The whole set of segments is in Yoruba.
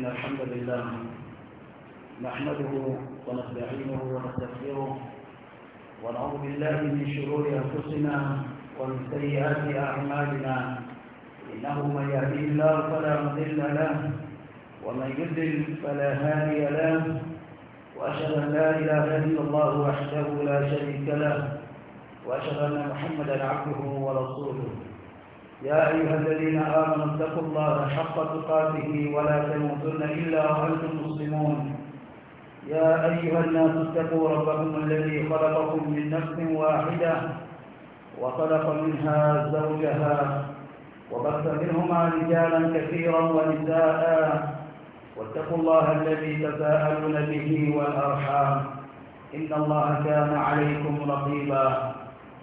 إن الحمد لله نحمده ونستعينه ونستغفره ونعوذ بالله من شرور أنفسنا ومن سيئات أعمالنا إنه من يهدي الله فلا مضل له ومن يضلل فلا هادي له وأشهد أن لا إله إلا الله وحده لا شريك له وأشهد أن محمدا عبده ورسوله يا أيها الذين آمنوا اتقوا الله حق تقاته ولا تموتن إلا وأنتم مسلمون يا أيها الناس اتقوا ربكم الذي خلقكم من نفس واحدة وخلق منها زوجها وبث منهما رجالا كثيرا ونساء واتقوا الله الذي تساءلون به والأرحام إن الله كان عليكم رقيبا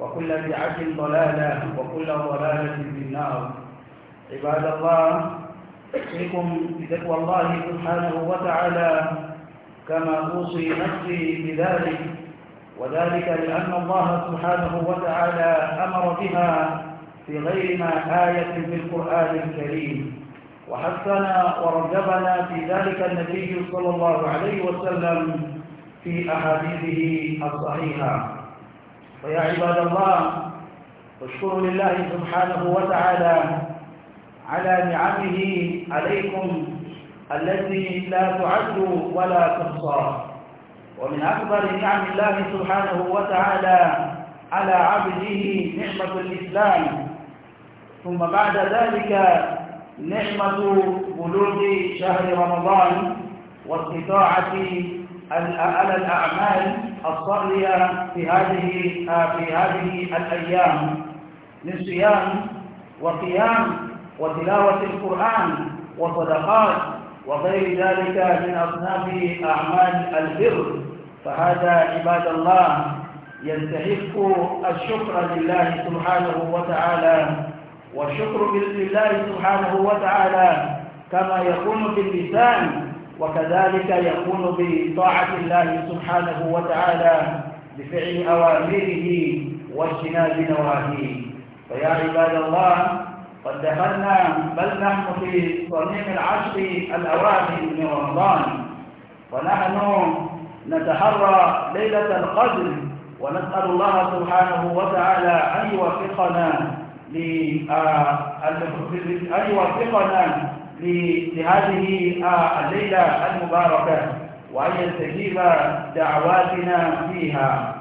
وكل بدعة ضلالة وكل ضلالة في النار عباد الله أوصيكم بتقوى الله سبحانه وتعالى كما أوصي نفسي بذلك وذلك لأن الله سبحانه وتعالى أمر بها في غير ما آية في القرآن الكريم وحثنا ورجبنا في ذلك النبي صلى الله عليه وسلم في أحاديثه الصحيحة ويا عباد الله اشكروا لله سبحانه وتعالى على نعمه عليكم التي لا تعد ولا تحصى ومن أكبر نعم الله سبحانه وتعالى على عبده نعمة الإسلام ثم بعد ذلك نعمة بلوغ شهر رمضان واستطاعة على الأعمال الصالحة في هذه في هذه الأيام من صيام وقيام وتلاوة القرآن وصدقات وغير ذلك من أصناف أعمال البر فهذا عباد الله يستحق الشكر لله سبحانه وتعالى والشكر لله سبحانه وتعالى كما يكون في اللسان وكذلك يكون بطاعة الله سبحانه وتعالى بفعل أوامره واجتناب نواهيه فيا عباد الله قد دخلنا بل نحن في صميم العشر الأواخر من رمضان ونحن نتحرى ليلة القدر ونسأل الله سبحانه وتعالى أن يوفقنا أن يوفقنا لهذه الليلة المباركة وأن يستجيب دعواتنا فيها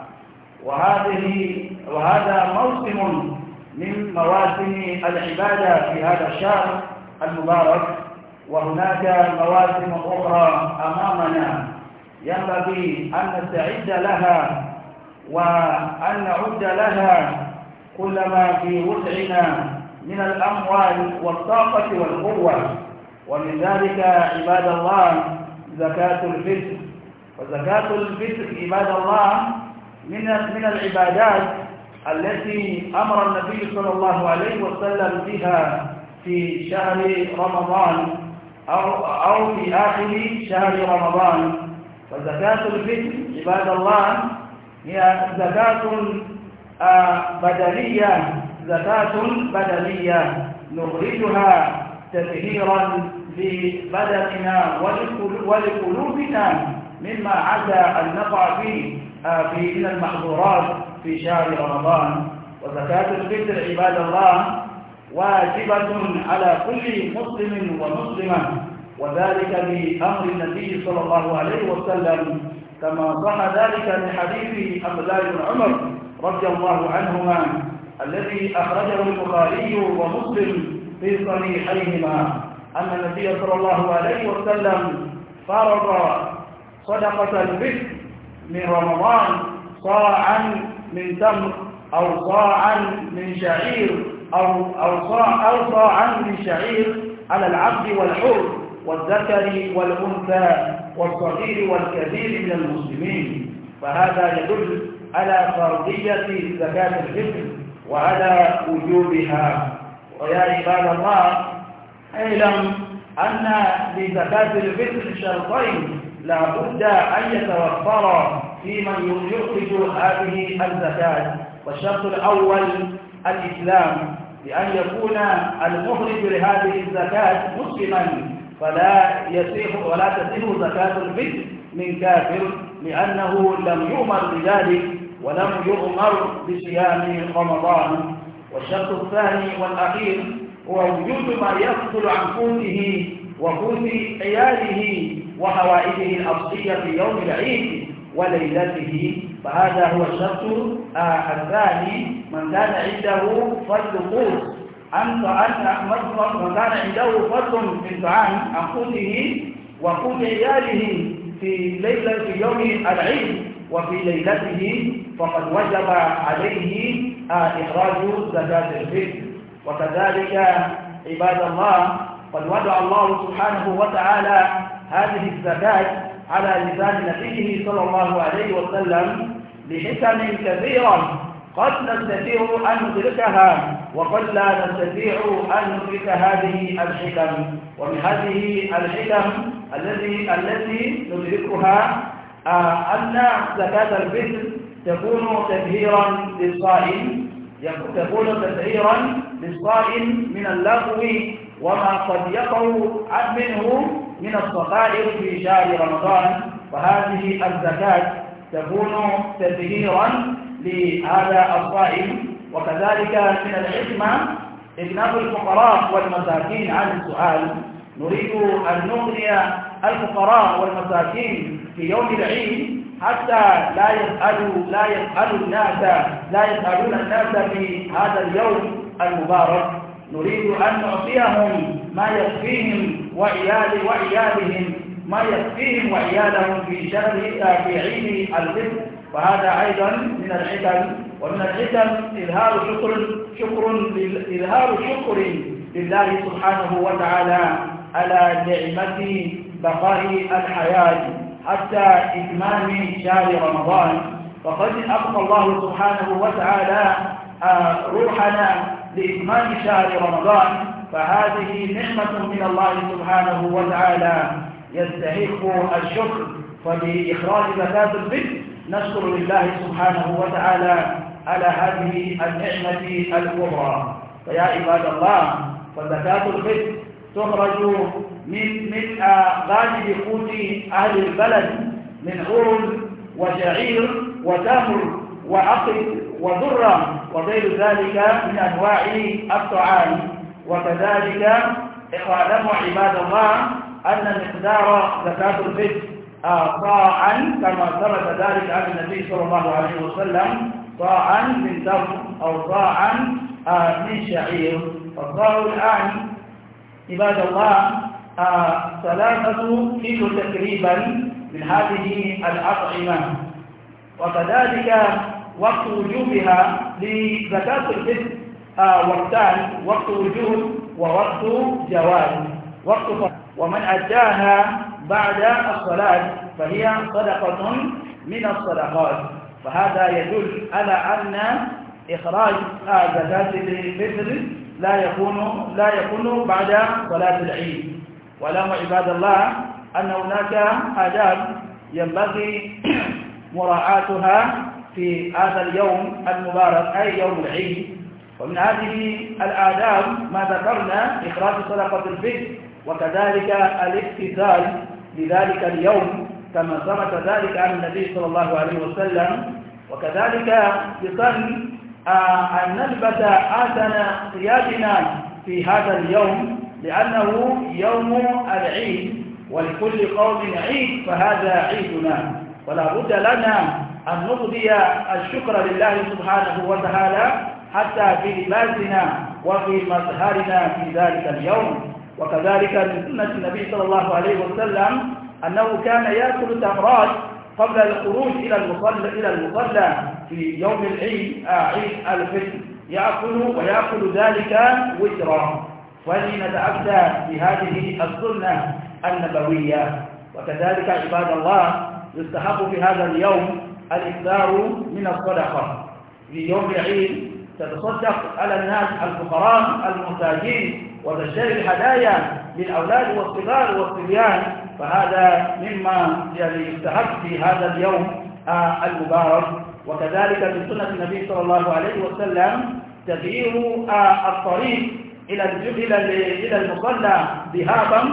وهذه وهذا موسم من مواسم العبادة في هذا الشهر المبارك وهناك مواسم أخرى أمامنا ينبغي أن نستعد لها وأن نعد لها كل ما في وسعنا من الأموال والطاقة والقوة ومن ذلك عباد الله زكاة الفطر وزكاة الفطر عباد الله من من العبادات التي أمر النبي صلى الله عليه وسلم بها في شهر رمضان أو, أو في آخر شهر رمضان فزكاة الفطر عباد الله هي زكاة آه، بدنية زكاة بدنية نخرجها تطهيرا لبدننا ولقلوبنا مما عسى أن نقع فيه آه، في من المحظورات في شهر رمضان وزكاة الفطر عباد الله واجبة على كل مسلم ومسلمة وذلك بأمر النبي صلى الله عليه وسلم كما صح ذلك من حديث عبد الله بن عمر رضي الله عنهما الذي أخرجه البخاري ومسلم في صحيحيهما أن النبي صلى الله عليه وسلم فرض صدقة البث من رمضان صاعا من تمر أو صاعا من شعير أو أو صاع أو صاعا من شعير على العبد والحر والذكر والأنثى والصغير والكبير من المسلمين فهذا يدل على فرضية زكاة الفطر وعلى وجوبها ويا عباد الله اعلم أن لزكاة الفطر شرطين لا بد أن يتوفرا في من يخرج هذه الزكاة والشرط الأول الإسلام بأن يكون المخرج لهذه الزكاة مسلما فلا يصح ولا تصح زكاة الفطر من كافر لأنه لم يؤمر بذلك ولم يؤمر بصيام رمضان والشرط الثاني والأخير ووجود ما يفصل عن قوته وقوت عياله وحوائجه الأصلية في يوم العيد وليلته فهذا هو الشرط آه، الثاني من كان عنده فضل قوت أن من كان عنده فضل في الطعام عن قوته وقوت عياله في ليلة في يوم العيد وفي ليلته فقد وجب عليه آه، إخراج زكاة الفطر وكذلك عباد الله قد وضع الله سبحانه وتعالى هذه الزكاة على لسان نبيه صلى الله عليه وسلم لحكم كثيرة قد نستطيع أن ندركها وقد لا نستطيع أن ندرك هذه الحكم ومن هذه الحكم الذي التي ندركها آه، أن زكاة الفطر تكون تبهيرا للصائم تكون تسعيرا للصائم من اللغو وما قد يقع منه من الصغائر في شهر رمضان فهذه الزكاة تكون تسعيرا لهذا الصائم وكذلك من الحكمة إجناب الفقراء والمساكين عن السؤال نريد أن نغني الفقراء والمساكين في يوم العيد حتى لا يسألوا لا يسألوا الناس لا يسألون الناس في هذا اليوم المبارك نريد أن نعطيهم ما يكفيهم وعيال وعيالهم ما يكفيهم وعيالهم في شهر في عيد الفطر وهذا أيضا من الحكم ومن الحكم إظهار شكر شكر إظهار شكر لله سبحانه وتعالى على نعمة بقاء الحياة حتى إتمام شهر رمضان فقد أقم الله سبحانه وتعالى آه، روحنا لإتمام شهر رمضان فهذه نعمة من الله سبحانه وتعالى يستحق الشكر فبإخراج بثاث الفتن نشكر لله سبحانه وتعالى على هذه النعمة الكبرى فيا عباد الله فبثاث الفتن تخرج من من آه، غالب قوت أهل البلد من عرض وشعير وتمر وعقل وذرة وغير ذلك من أنواع الطعام وكذلك اعلموا عباد الله أن مقدار زكاة الفطر طاعا كما ثبت ذلك عن النبي صلى الله عليه وسلم طاعا من تمر أو طاعا آه، من شعير فالطاع الآن عباد الله آه ثلاثة كيلو تقريبا من هذه الأطعمة وكذلك وقت وجوبها لزكاة الفطر آه وقتان وقت وجوب ووقت جواز وقت ومن أداها بعد الصلاة فهي صدقة من الصدقات فهذا يدل على أن إخراج آه، زكاة الفطر لا يكون لا يكون بعد صلاة العيد واعلموا عباد الله أن هناك آداب ينبغي مراعاتها في هذا اليوم المبارك أي يوم العيد ومن هذه الآداب ما ذكرنا إخراج صدقة الفجر وكذلك الاقتتال لذلك اليوم كما ثبت ذلك عن النبي صلى الله عليه وسلم وكذلك يسن آه، أن نلبس آتنا ثيابنا في هذا اليوم لأنه يوم العيد ولكل قوم عيد فهذا عيدنا ولا بد لنا أن نقضي الشكر لله سبحانه وتعالى حتى في لباسنا وفي مظهرنا في ذلك اليوم وكذلك من سنة النبي صلى الله عليه وسلم أنه كان يأكل تمرات قبل الخروج إلى المصلى إلى المصلى في يوم العيد آه، عيد الفطر يأكل ويأكل ذلك وترا فلنتأتى بهذه السنة النبوية وكذلك عباد الله يستحق في هذا اليوم الإكثار من الصدقة في يوم العيد تتصدق على الناس الفقراء المحتاجين وتشتري الهدايا للأولاد والصغار والصبيان فهذا مما يعني يستحق في هذا اليوم آه، المبارك وكذلك من سنة النبي صلى الله عليه وسلم تغيير آه، الطريق إلى إلى المصلى ذهابا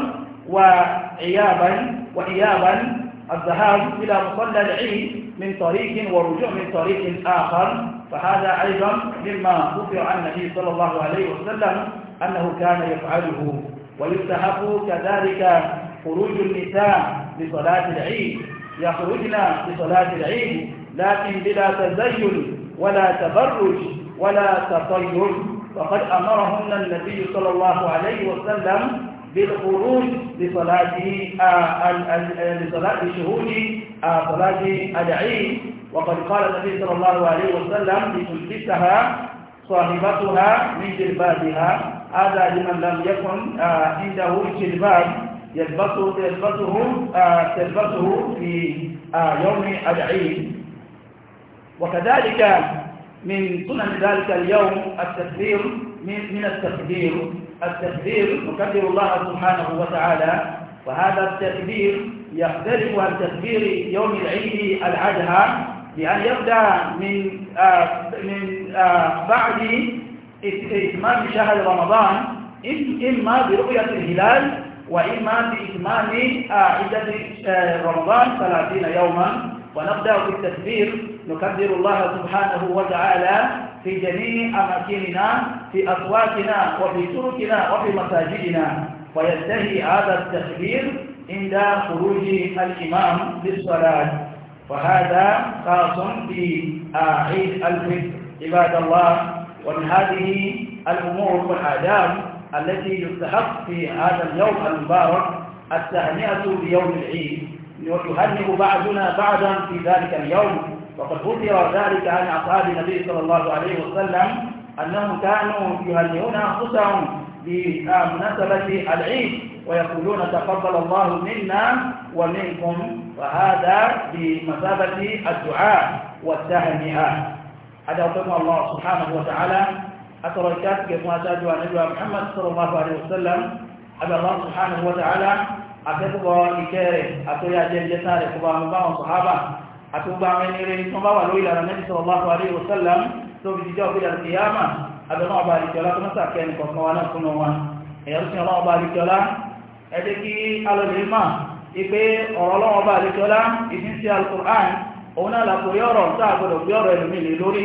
وعيابا وإيابا الذهاب إلى مصلى العيد من طريق ورجوع من طريق آخر فهذا أيضا مما ذكر عن النبي صلى الله عليه وسلم أنه كان يفعله ويستحق كذلك خروج النساء لصلاة العيد يخرجن لصلاة العيد لكن بلا تزين ولا تبرج ولا تطير فقد أمرهن النبي صلى الله عليه وسلم بالخروج لصلاة آه، لصلاة شهود آه، صلاة العيد وقد قال النبي صلى الله عليه وسلم لتلبسها صاحبتها من جلبابها هذا لمن لم يكن آه، عنده جلباب يلبسه يلبسه آه، تلبسه في آه، يوم العيد وكذلك من سنن ذلك اليوم التكبير من من التكبير التكبير يكبر الله سبحانه وتعالى وهذا التكبير يختلف عن تكبير يوم العيد العدهى بأن يبدأ من آه من آه بعد إتمام شهر رمضان إما برؤية الهلال وإما بإتمام آه، عدة آه، رمضان 30 يوما ونبدأ بالتكبير نكبر الله سبحانه وتعالى في جميع أماكننا في أسواقنا وفي سرقنا وفي مساجدنا وينتهي هذا التكبير عند خروج الإمام للصلاة وهذا خاص عيد الفطر عباد الله ومن هذه الأمور والآداب التي يستحق في هذا اليوم المبارك التهنئة بيوم العيد ويهنئ بعضنا بعضا في ذلك اليوم وقد ذكر ذلك عن أصحاب النبي صلى الله عليه وسلم أنهم كانوا يهنئون أنفسهم بمناسبة العيد ويقولون تقبل الله منا ومنكم وهذا بمثابة الدعاء والتهنئة هذا الله سبحانه وتعالى atọ̀rọ̀ ìṣẹ́ àti kẹfún aṣáájú àníbíwá Muhammad sallallahu alaihi wasallam abẹ́rẹ́ subhanahu wa ta'ala àfẹ́kọ̀ọ́ ìkẹ́ rẹ̀ àtọ́yà jẹ́jẹ́ sáré kọba àwọn báwọn sọ̀hábà àti gbogbo àwọn ẹni rẹ̀ tó bá wà lórí ìlànà Nabi sallallahu alaihi wasallam tó fi jíjọ́ òkè àti ìyáàmà abẹ́rẹ́ ọba àdìjọ́lá tó mọ́sà kẹ́ni kọ̀ọ̀kan wa náà fún wọn ẹ̀yọ́ sí ọlọ́ọba àdìjọ́lá ẹ jẹ́ kí alọ́lẹ̀ ipe ọ̀rọ̀ ọlọ́ọba àdìjọ́lá ìfínsí al òun náà làkòrí ọ̀rọ̀ sáà gbọdọ̀ gbé ọ̀rọ̀ ẹlòmíì lórí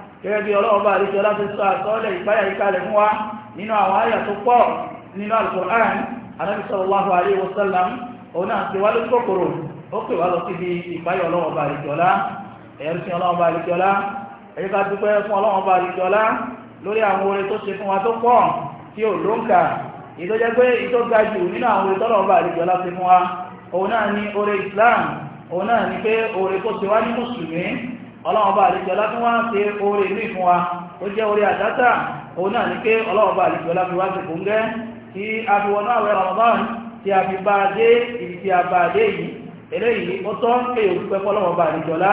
gẹ́gẹ́ bí ọlọ́ọ̀bá àríkẹ́ ọláfẹ́ sọ àtọ́lẹ̀ ìpáyà ìkàlẹ̀ fún wa nínú àwọn àyà tó pọ̀ nínú al-Qur'an Ànábì sallallahu alaihi wasallam òun náà ti wá ló kòkòrò ó pè wá lọ sí ibi ìpáyà ọlọ́ọ̀bá àríkẹ́ ọlá ẹ̀rùsìn ọlọ́ọ̀bá àríkẹ́ ọlá ẹ̀yí ká dúpẹ́ fún ọlọ́ọ̀bá àríkẹ́ ọlá lórí àwọn oore tó ṣe fún wa tó pọ̀ tí ò ọlọ́ọ̀bá àlejọ́lá tó wá ń ṣe oore ní ìfún wa ó jẹ́ oore àdátà òun náà ní pé ọlọ́ọ̀bá àlejọ́lá fi wá sí fún gẹ́ tí a fi wọnú àwẹ̀ Ramadan tí a fi bá dé ibi tí a bá dé yìí eléyìí ó tọ́ pé òpẹ́ fọ́lọ́ọ̀bá àlejọ́lá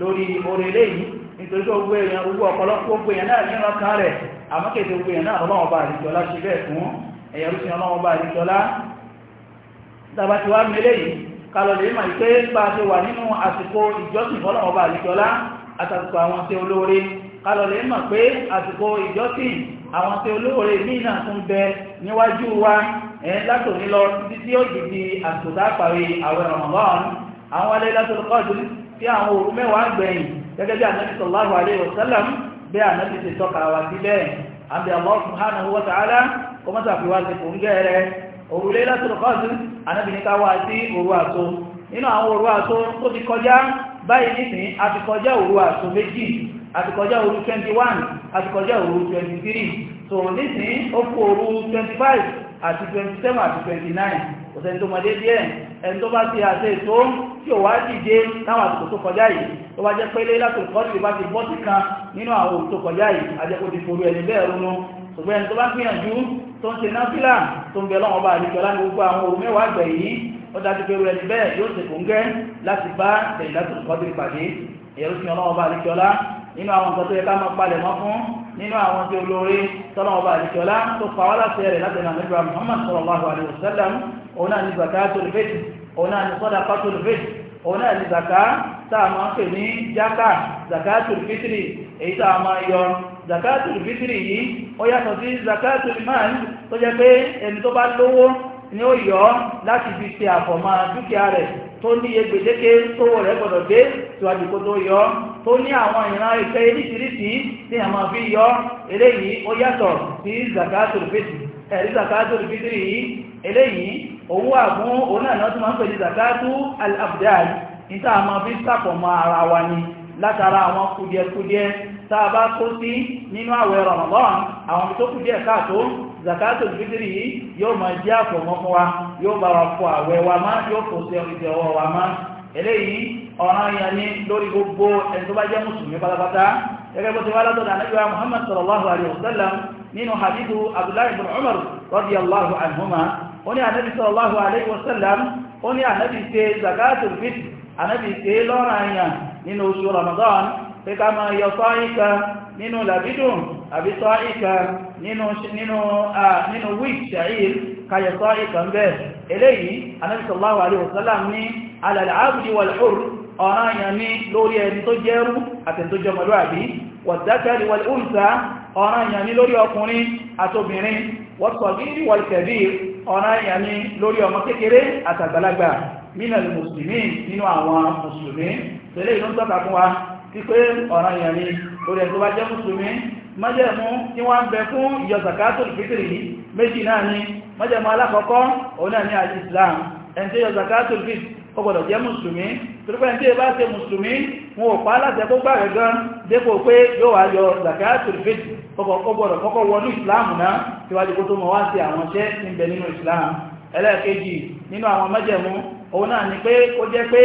lórí oore eléyìí nítorí tó gbé èèyàn gbogbo ọ̀pọ̀lọpọ̀ gbogbo èèyàn náà ní ọkàn rẹ̀ àmọ́ kèdè gbogbo èèyàn náà ọlọ́ọ̀bá àlejọ́lá ṣe bẹ́ẹ̀ fún ẹ̀yà rúṣin ọlọ́ọ̀bá àlejọ́lá tàbátí wá mẹ́lẹ́yìí kalọ̀lẹ̀ ma ìpé bá ṣe wà nínú àsìkò ìjọsìn fọ́lọ̀wọ́ bá àlìkọ́lá àtàkùkọ àwọn tí olóore kalọ̀lẹ̀ ma pé àsìkò ìjọsìn àwọn tí olóore mìíràn tún bẹ níwájú wa látòní lọ títí ó dìdí àtòdá parí àwẹ̀ Ramadan àwọn alẹ́ Lailatul Qadr tí àwọn òru mẹ́wàá gbẹ̀yìn gẹ́gẹ́ bí Ànábì sallallahu alaihi wasallam bí Ànábì ti tọ́ka wa sílẹ̀ àbí Allah subhanahu wa ta'ala kọmọ́sàfíwá ti kò ń gẹ́rẹ́ òru Laylatul Qadr Ànábì ní ká wá sí òru àtó nínú àwọn òru àtó tó ti kọjá báyìí nìsín a ti kọjá òru àtó méjì a kọjá òru 21 a kọjá òru 23 so nìsín ó kú òru 25 àti 27 àti 29 òsèǹ tó mọ̀dé díẹ̀ ẹni tó bá ti àṣẹ ètò tí ò wá dìde láwọn àtòkò tó kọjá yìí tó bá jẹ́ pé Laylatul Qadr tó ń ṣe náfílà tó ń bẹ lọ́wọ́ bá àdìjọ láti gbogbo àwọn òru mẹ́wàá gbẹ̀ yìí ó dájú pé rẹ̀ níbẹ̀ yóò ṣe kòńgẹ́ láti bá Lailatul Qadr pàdé ẹ̀rọ fi ọlọ́wọ́ bá àdìjọ lá nínú àwọn nǹkan fún nínú àwọn bá àdìjọ Muhammad sallallahu alaihi wasallam òun náà ní zakatul fitr òun náà ní sadaqatul fitr òun náà ní zaka èyí tó a máa yọ zakatu fitri yìí ó yàtọ̀ sí zakatu imán tó jẹ́ pé ẹni tó bá lówó ni ó yọ láti fi ṣe àfọ̀mọ́ dúkìá rẹ̀ tó ní iye gbèdéke tówó rẹ̀ gbọ́dọ̀ dé síwájú kó tó yọ tó ní àwọn ìran ìfẹ́ oríṣiríṣi tí a máa fi yọ eléyìí ó yàtọ̀ sí zakatu fitri ẹ̀rí zakatu fitri yìí eléyìí òun wà fún òun náà ni wọ́n máa ń pè ní zakatu al látara àwọn kùdìẹ̀kùdìẹ̀ tá a bá kó sí nínú àwẹ̀ Ramadan àwọn tó kùdìẹ̀ káàtó zakatul fitri yìí yóò máa jẹ́ àfọ̀mọ́ fún wa yóò bá wa fọ àwẹ̀ wa má yóò fò sí ìdẹ̀ ọwọ́ wa má eléyìí ọ̀ràn yẹn ni lórí gbogbo ẹni tó bá jẹ́ mùsùlùmí pátápátá gẹ́gẹ́ bó ti wá látọ̀dọ̀ ànábíwá Muhammad sallallahu alayhi wa sallam nínú hadithu Abdullahi ibn Umar radiyallahu anhuma ó ní ànábì sallallahu alayhi wa sallam ó ní ànábì ṣe zakatul fitri ànábì ṣe lọ́ràn yẹn nínú oṣù Ramadan pé ká máa yọ sọ́ìkà nínú làbídùn àbí sọ́ìkà nínú wíìk ṣàíl kayọ sọ́ìkà ń bẹ́ eléyìí Ànábì sallallahu alaihi wasallam ní ala al-abdi wal-hurr ọ̀ranyàn ní lórí ẹni tó jẹ́rú àti tó jọmọlúwàbí wal-dhakari wal-untha ọ̀ranyàn ní lórí ọkùnrin àtobìnrin wal-saghiri wal tẹ̀lé ìlú ń tọ́ka fún wa wípé ọ̀ràn èèyàn ni orí ẹ̀ tó bá jẹ́ mùsùlùmí májẹ̀mú tí wọ́n ń bẹ fún ìyọ zakatul méjì náà ni májẹ̀mú alákọ̀ọ́kọ́ òun náà ni àti islam ẹni tí yọ zakatul fitri ó gbọ́dọ̀ jẹ́ mùsùlùmí torípé ẹni tí bá ṣe mùsùlùmí wọn ò pa aláṣẹ tó gbà rẹ̀ gan dépò pé yóò wá yọ zakatul islam náà síwájú kó tó nínú àwọn májẹ̀mú òun náà ni pé ó jẹ́ pé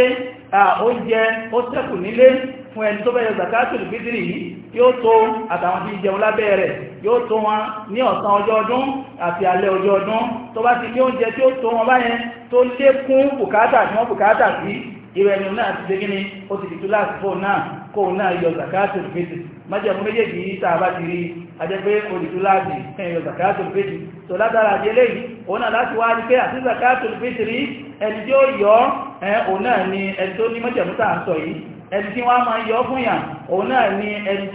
oúnjẹ ó ṣẹ́kù nílé fún ẹni tó bẹ̀rẹ̀ zakatul fitri yìí yóò tó àtàwọn tí jẹun lábẹ́ rẹ̀ yóò tó wọn ní ọ̀sán ọjọ́ ọdún àti alẹ́ ọjọ́ ọdún tó bá ti ní oúnjẹ tí ó tó wọn báyẹn tó lékún bùkátà tí wọ́n bùkátà sí ìrẹni náà ti dégíní ó ti dìtú láti fóun náà kóun náà yọ zakatul fitri májẹ̀mú méjèèjì yìí tá bá ti rí àjẹgbé olùdúláàdì ẹ̀yọ zakatul fitri tó látara àti eléyìí òun náà láti wá ní pé àti zakatul fitri ẹni tí ó yọ ẹ náà ni ẹni tó ní mọ́jẹ̀mútà ń sọ yìí ẹni tí wọ́n máa yọ fún yàn òun náà ni ẹni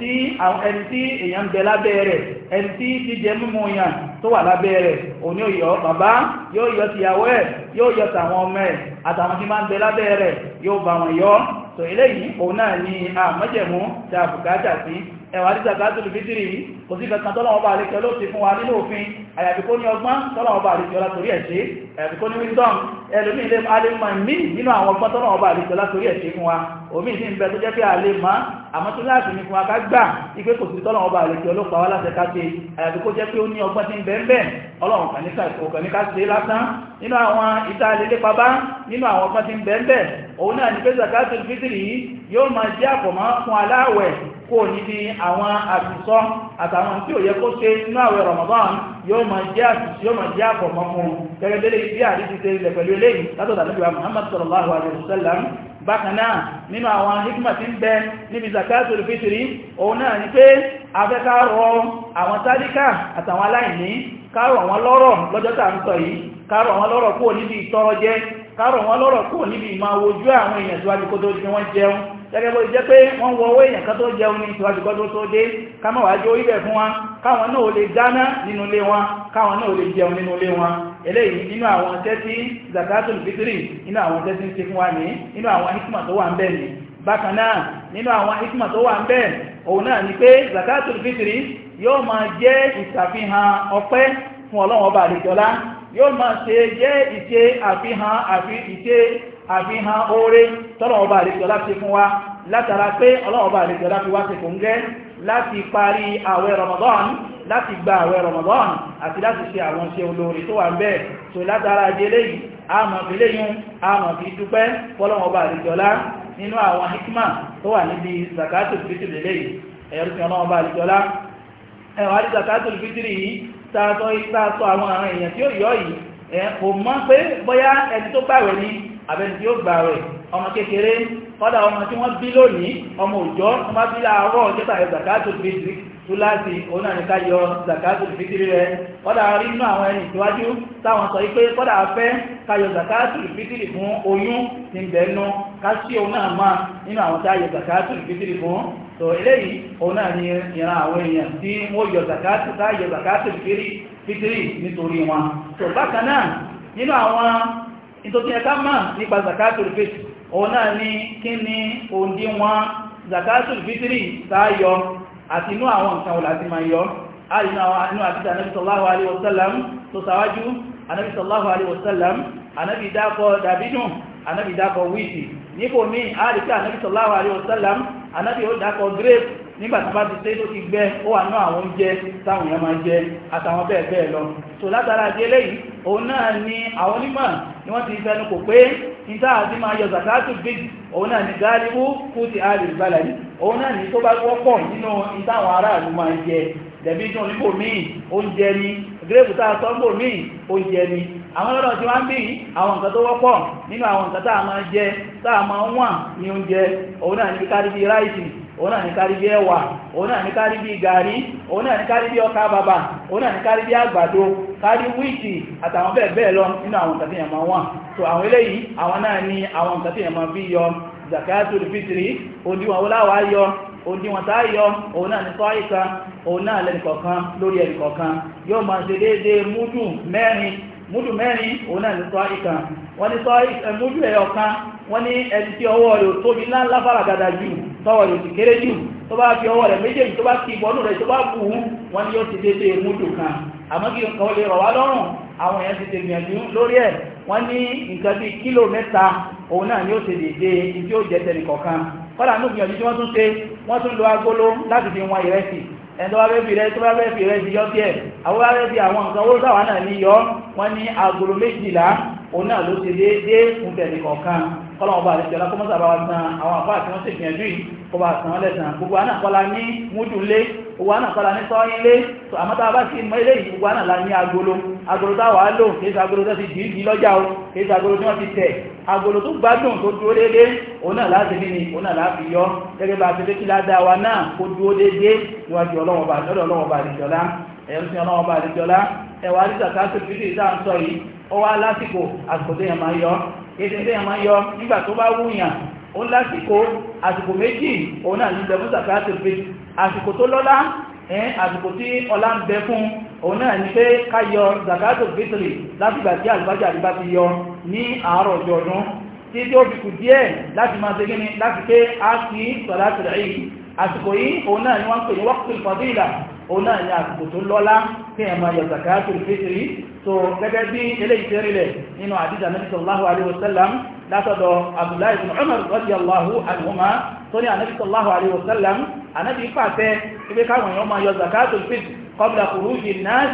tí èèyàn ń bẹ lábẹ́ rẹ̀ ẹni tí jíjẹ mímú yàn tó wà lábẹ́ rẹ̀ òun yóò yọ bàbá yóò yọ tìyàwó ẹ̀ yóò yọ tàwọn ọmọ ẹ̀ àtàwọn tí máa ń bẹ lábẹ́ yóò bá wọn yọ tò eléyìí òun náà ni àmọ́jẹ̀mú ta bùkátà sí ẹ̀wà ní zakatul fitri yìí kò sí kankan tọ́lọ́wọ́ bá àríkẹ́ ló ti fún wa nínú òfin àyàfi kó ní ọgbọ́n tọ́lọ́wọ́ bá àríkẹ́ látorí ẹ̀ṣẹ́ àyàfi kó ní wisdom ẹlòmí ilé alẹ́mọ̀ mí nínú àwọn ọgbọ́n tọ́lọ́wọ́ bá àríkẹ́ látorí ẹ̀ṣẹ́ fún wa omi ìsìn bẹ tó jẹ́ pé àlèmọ́ àmọ́ tó láti ní fún wa ká gbà ipé kò sí tọ́lọ́wọ́ bá àríkẹ́ ọlọ́pàá wá láti káṣe àyàfi kó jẹ́ pé ó ní ọgbọ́n tí ń bẹ ń bẹ ọlọ́run kàn ní ká ṣe lásán nínú àwọn ìta àlèlépa bá nínú àwọn ọgbọ́n tí ń bẹ ń bẹ òun náà ní pé zakatul fitri yìí yóò máa jẹ́ àfọ̀mọ́ fún aláwẹ̀ kó níbi àwọn àtúnṣọ́ àtàwọn tí ò yẹ kó ṣe inú àwẹ̀ Ramadan yóò máa jẹ́ àtúnṣe yóò máa jẹ́ àkọ̀mọ́ fún gẹ́gẹ́ délé bí àdíjú ṣe ilẹ̀ pẹ̀lú eléyìí látọ̀dà níbi wa Muhammad sallallahu alaihi wasallam bákan náà nínú àwọn hikma tí ń bẹ níbi zakatul fitri òun náà ni pé afẹ́ká rọ àwọn tálíkà àtàwọn aláìní kárọ̀ wọn lọ́rọ̀ lọ́jọ́ tà ń sọ yìí kárọ̀ wọn lọ́rọ̀ kúrò níbi ìtọrọ jẹ kárọ̀ wọn lọ́rọ̀ kúrò níbi ìmọ̀ ojú àwọn èèyàn síwájú kó tó di wọn jẹun gẹ́gẹ́ bó jẹ́ pé wọ́n wọ owó èèyàn kan tó jẹun ní ìtìwájú gọ́dọ̀ tó dé káwọn wá jó ibẹ̀ fún wọn káwọn náà lè dáná nínú ilé wọn káwọn náà lè jẹun nínú ilé wọn eléyìí nínú àwọn tẹ́tí zakatul fitri nínú àwọn tẹ́tí ń ṣe fún wa ní nínú àwọn hikma tó wà ń bẹ̀ ní bákan nínú àwọn hikma tó wà ń bẹ̀ òun náà ni pé zakatul fitri yóò máa jẹ́ ìṣàfihàn ọpẹ́ fún ọlọ́run ọba àdìjọlá yóò máa ṣe jẹ́ ìṣe àfihàn àfi ìṣe àfihàn oore tọ́lọ̀ọba àríkọlá ti fún wa látara pé ọlọ́ọba àríkọlá fi wá ti fún gẹ́ láti parí àwẹ̀ Ramadan láti gba àwẹ̀ Ramadan àti láti ṣe àwọn ṣe olóore tó wà ń bẹ́ẹ̀ tó látara jẹ́lé yìí àmọ̀ fi léyún àmọ̀ fi hikma tó wà níbi zakatul fitr lélẹ́yìí ẹ̀rùsìn ọlọ́ọba àríkọlá ẹ̀wà ní zakatul fitr yìí tààtọ̀ àwọn àwọn èèyàn tí ó yọ yìí pé bóyá ẹni tó gbàwẹ̀ ni àbẹ̀ni tí ó gbà rẹ̀ ọmọ kékeré kọ́dà ọmọ tí wọ́n bí lónìí ọmọ òjọ́ wọ́n bá bí láàárọ̀ ọjọ́ta ẹ̀ zakato fitri tó láti onáníká yọ zakato fitri rẹ̀ kọ́dà rí inú àwọn ẹni ìtìwájú táwọn sọ wípé kọ́dà afẹ́ káyọ zakato fitri fún oyún ti ń bẹ̀ẹ́nu kásí òun náà máa nínú àwọn táyọ zakato fitri fún so eléyìí òun náà ni ìran àwọn èèyàn tí wọ́n yọ zakato táyọ zakato fitri nítorí wọn so bákan náà nínú àwọn nítorí ẹ̀ká máa nípa zakatul fitri òun náà ní kí ni òǹdíwọ̀n zakatul fitri sáyọ àti inú àwọn nǹkan wọ̀lá ti máa yọ àìyàn àti Ànábì sallallahu alaihi wasallam tó sáwájú Ànábì sallallahu alaihi wasallam Ànábì dákọ̀ dàbínú Ànábì dákọ̀ wíìtì nípò míì àríkà Ànábì sallallahu alaihi wasallam Ànábì ó dákọ̀ grape nígbàtí bá ti tẹ́ tó ti gbẹ́ ó wà náà àwọn oúnjẹ táwọn èèyàn máa jẹ àtàwọn bẹ́ẹ̀ bẹ́ẹ̀ lọ tó látara jẹ́ lẹ́yìn òun náà ni àwọn onímọ̀ ni wọ́n ti fẹ́nu kò pé níta àti máa yọ ni gáàríwú kú ti ààrẹ ìgbàlàyé ni tó bá wọ́pọ̀ nínú ìtàwọn aráàlú máa jẹ dẹ̀bí ni gírèbù tá a sọ níbò míì oúnjẹ ni àwọn ọlọ́rọ̀ tí wọ́n ń bí àwọn nǹkan tó wọ́pọ̀ nínú àwọn nǹkan tá a máa jẹ tá máa ń ní oúnjẹ òun náà ní kárí bíi ráìsì Ona ni ní kárí bí ẹwà òun náà ní kárí bí gàrí òun náà ní kárí bí ọkà bàbà òun náà ní kárí bí àgbàdo kárí wíìtì àtàwọn bẹ́ẹ̀ bẹ́ẹ̀ lọ nínú àwọn nǹkan tí yẹn máa wọ́n so àwọn eléyìí àwọn náà ní àwọn nǹkan tí yẹn máa bí yọ zakatul fitri òdiwọ̀n oláwàá yọ òdiwọ̀n tá yọ òun náà ní sọ àìsàn òun náà lẹ́nìkọ̀ọ̀kan lórí ẹnìkọ̀ọ̀kan yóò máa ṣe déédéé múdù mẹ́rin múdù mẹ́rin òun náà ní sọ àìsàn wọ́n ní sọ múdù ẹ̀yọ̀kan wọ́n ní ẹni tí ọwọ́ rẹ̀ tóbi ńlá fàràgàdà jù tọ́wọ́ yóò ti kéré jù tó bá fi ọwọ́ rẹ̀ méjèèjì tó bá ti ìbọnú rẹ̀ tó bá bù ú wọ́n ni yóò ti dédé múdù kan àmọ́ kí nǹkan lè rọ̀ wá lọ́rùn àwọn èèyàn ti tèmìyànjú lórí ẹ̀ wọ́n ní nǹkan bí kílò mẹ́ta òun náà ni ó ti dédé tí ó jẹ́ tẹ̀lé kọ̀ọ̀kan kọ́lá ní gbìyànjú tí wọ́n tún ṣe wọ́n tún lo agolo láti fi wọn ìrẹsì ẹ̀ntọ́ kọ́lọ̀wọ̀n bá àríṣẹ́ alákọ́mọ́sà bá wá san àwọn àpá àti wọ́n sì fìyànjú yìí kó bá san lẹ́sàn gbogbo ànàkọ́lá ní mújú lé owó ànàkọ́lá ní sọ́yìn lé àmọ́ta bá sí mọ́ ilé yìí gbogbo ànàlá ní agolo agolo táwà lò kéèsì agolo tó ti dìídì lọ́jà o kéèsì agolo tí wọ́n ti tẹ̀ agolo tó gbádùn tó dúró dédé òun náà láti ní ni òun náà láti yọ gẹ́gẹ́ bá ti fẹ́ kí ládàá wa náà kó dúró dédé níwájú ọlọ́wọ́ba àdìjọ́lá ẹ̀rùn sí ọlọ́wọ́ba àdìjọ́lá ẹ̀wà àdìjọ́ káàkiri fídíì dáa ń sọ yìí ó wá lásìkò àsìkò tó yàn máa yọ ètò tó yàn máa yọ nígbà tó bá wúyàn ó lásìkò àsìkò méjì òun náà ní bẹ fún sàkáàtì pé àsìkò tó lọ́lá ẹn àsìkò tí ọlá ń bẹ fún òun náà ní pé ká yọ sàkáàtì fitri látìgbà tí àlùbájá àríbá ti yọ ní àárọ̀ ọjọ́ ọdún tí tí ó fi kù díẹ̀ láti máa segin ni láti pé a kì sọ̀lá òun náà ni àsìkò tó lọ́lá kí ẹ máa yọ zakatu fitri so gẹ́gẹ́ bí eléyìí tẹ́rì rẹ̀ nínú àdíjà nabi sallallahu alaihi wasallam látọ̀dọ̀ abdullahi ibn umar radiyallahu anhuma tó ní anabi sallallahu alaihi wasallam anabi pàṣẹ ibi káwọn èèyàn máa yọ zakatu fitri qabla khuruji an-nas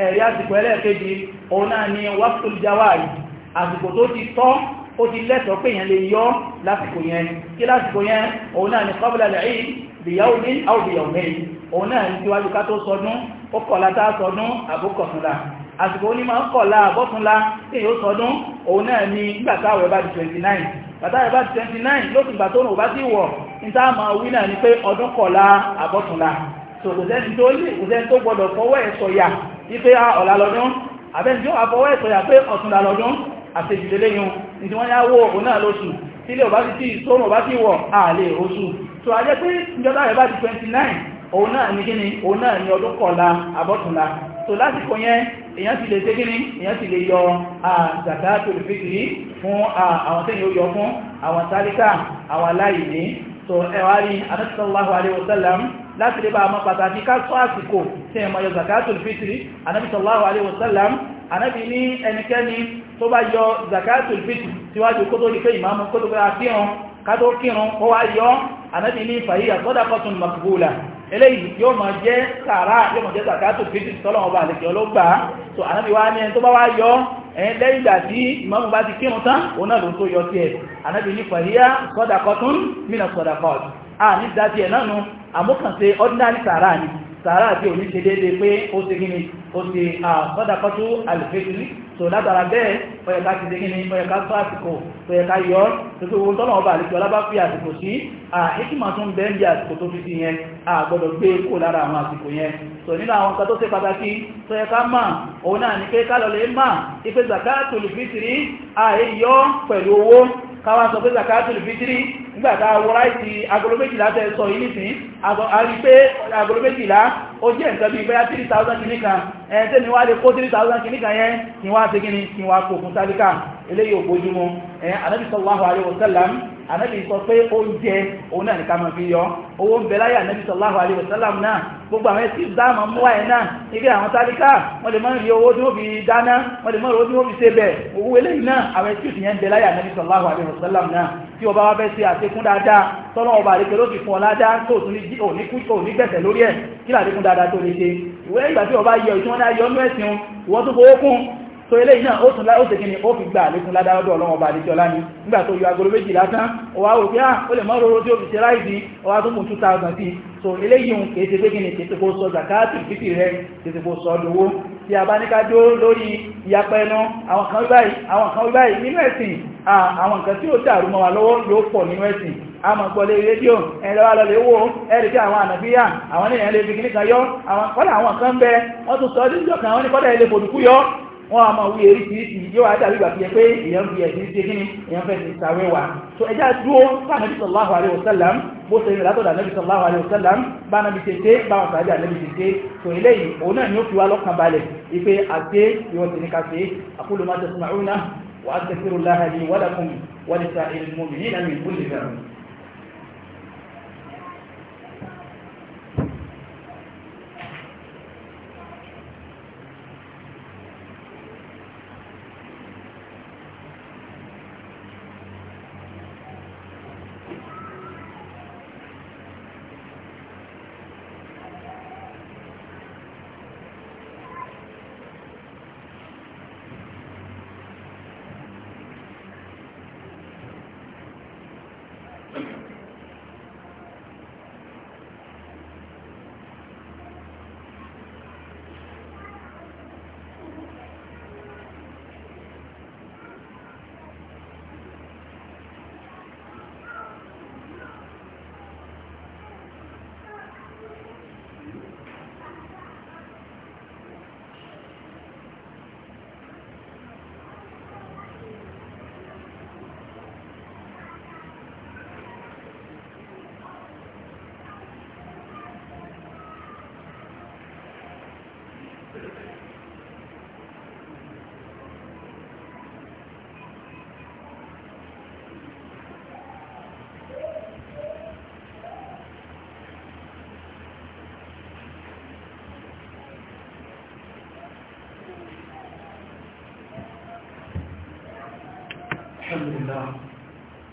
ẹ̀rí àsìkò ẹlẹ́ẹ̀kejì òun náà ni waqtu al àsìkò tó ti tọ́ ó ti lẹ́tọ̀ọ́ pé yẹn lè yọ́ lásìkò yẹn kí lásìkò yẹn òun náà ni qabla al-eid bi yawmin aw bi yawmayn òun náà ni tíwájú ká tó sọdún ó kọ̀lá tá sọdún àbúkọ̀túnlá àsìkò ó ní máa ń kọ̀lá àbọ́túnlá tí yóò sọdún òun náà ni gbàtà àwẹ̀ bá di 29 gbàtà àwẹ̀ bá di 29 lókùn gbà tó nù bá sí wọ̀ níta máa wí náà ni pé ọdún kọ̀lá àbọ́túnlá sòkòtẹ́ni tó lè kòtẹ́ni tó gbọdọ̀ fọwọ́ ẹ̀ sọ̀yà ah, àṣejìlélẹ́yìn tí wọ́n yáwó òun náà lóṣù tí ilé ọba ti tí sóòrùn ọba ti wọ̀ ààlè oṣù tó a jẹ́ pé ìjọba rẹ̀ bá di 29 òun náà ní kíni òun náà ní ọdún kọ̀ọ̀la àbọ̀túnla tó lásìkò yẹn èyàn ti lè ṣe kíni èyàn ti lè yọ zakatul fitri fún àwọn tẹ́yìn ó yọ fún àwọn tálíkà àwọn aláìní tó ẹwà rí anásílọ́láhù aléwòsálàm láti lè bá àmọ́ pàtàkì ká sọ àsìkò tí ẹmọ yọ zakatul fitri anásílọ́láhù aléwòsálàm ànábì ní ẹnikẹ́ni tó bá yọ zakatul fitr síwájú kó tó di pé ìmáàmù kó tó pé àfihàn ká tó kírun ó wá yọ ànábì ní fàyíyà sadaqatun maqbula eléyìí yóò máa jẹ́ sàárà yóò máa jẹ́ so ànábì wá ní ẹni tó bá wá yọ ẹ̀yìn lẹ́yìn ìgbà tí ìmáàmù bá ti kírun mina sadaqat à ní dájú ẹ̀ náà nu ordinary sàárà ni sàárà àti òní ṣe dédé pé ó ṣe gíní ó ṣe àfọ́dàkọ́tú alìfẹ́sìlì tó látara bẹ́ẹ̀ ọ̀yẹ̀ká ti ṣe gíní ọ̀yẹ̀ká tó àsìkò ọ̀yẹ̀ká yọ tókè owó tọ́nà ọba àlìkẹ́ ọlábá fi àsìkò sí àhíkìmà tún bẹ́ẹ̀ bí àsìkò tó fi sí yẹn àgbọ́dọ̀ gbé e kó lára àwọn àsìkò yẹn tò nínú àwọn nǹkan tó ṣe pàtàkì tó yẹ ká mà òun náà ní pé ká lọ lè mà ìpè zakatul fitri àìyọ pẹ̀lú owó káwà sọ pé zakatul fitri nígbàtà wọ́rá ìsì agolo méjìlá tẹ́ sọ yìí nìsín àrí pé agolo méjìlá ó jẹ́ nǹkan bí ìgbéyà 3000 kìníkà ẹ̀yẹn tẹ́ ni wá lè kó 3000 kìníkà yẹn kí wá ṣe gíní kí wá kò fún sálíkà eléyìí ò bójúmu ẹ̀yẹn anábì sallallahu alaihi wasallam ànábì sọ pé oúnjẹ òun náà ní ká máa fi yọ owó ń bẹ láyé ànábì sallallahu alaihi wasallam náà gbogbo àwọn ẹsì dáàmà mú àyè náà ibi àwọn tálíkà wọ́n lè máa rí owó tí wọ́n fi dáná wọ́n lè máa rí owó tí wọ́n fi ṣe bẹ̀ owó eléyìí náà àwọn ẹsì ìyẹn ń bẹ láyé ànábì sallallahu alaihi wasallam náà tí ọba wa fẹ́ ṣe àṣekún dáadáa tọ́lọ́ ọba àdékẹ́ ló fi fún ọ ládàá tó tún ní òní kú òní gbẹ̀sẹ̀ lórí ẹ̀ kí làdékún dáadáa tó lè ṣe ìwé ìgbà tí ọba yẹ òṣùwọ́n náà yọ ọ́nú ẹ̀sìn ìwọ́n tó fowó kún so eléyìí náà ó tún láó tẹ́kí ni ó fi gbà lékún ládáwọ́dọ̀ ọlọ́wọ́ bá àdíkẹ́ ọlá ní nígbà tó yọ agolo méjì lásán ọwá òkè à ó lè mọ́rọ̀ tí ó fi ṣe láìsí ọwá tó mú 2000 sí so eléyìí òun kèé ṣe pé kíni kèé ṣe kó sọ zakati fífì rẹ kèé ṣe kó sọ lówó tí a bá ní ká dó lórí ìyapẹ́ ẹnu àwọn kan báyìí àwọn kan báyìí nínú ẹ̀sìn àwọn nǹkan tí ó dàrú mọ́ wa lọ́wọ́ ló pọ̀ nínú ẹ̀sìn àmọ̀ gbọ́lé rédíò ẹ̀lọ́wà lọ́lẹ̀ owó ẹ̀rì tí àwọn ànàbíyà àwọn ènìyàn lè fi kìníkà yọ́ kọ́lá àwọn kan bẹ wọ́n tún sọ ọdún ìjọ kan wọ́n ní kọ́lá ilé fòdùkú yọ́ wọ́n a máa wí eríṣiríṣi yóò wá dàbí gbàgbé pé èèyàn fi ẹ̀sìn ṣe kí fẹ́ ti sàwẹ́ wa so ẹjá dúró bá nàbí sallallahu alaihi wasallam bó ṣe rìn látọ̀dà nàbí sallallahu alaihi wasallam bá nàbí ṣe ṣe bá wọn sàájà nàbí ṣe so eléyìí òun náà ni ó fi wá lọ́kàn balẹ̀ ipe àti ìwọ̀n sì ní ká ṣe aqulu ma tasma'una wa astaghfirullaha الحمد لله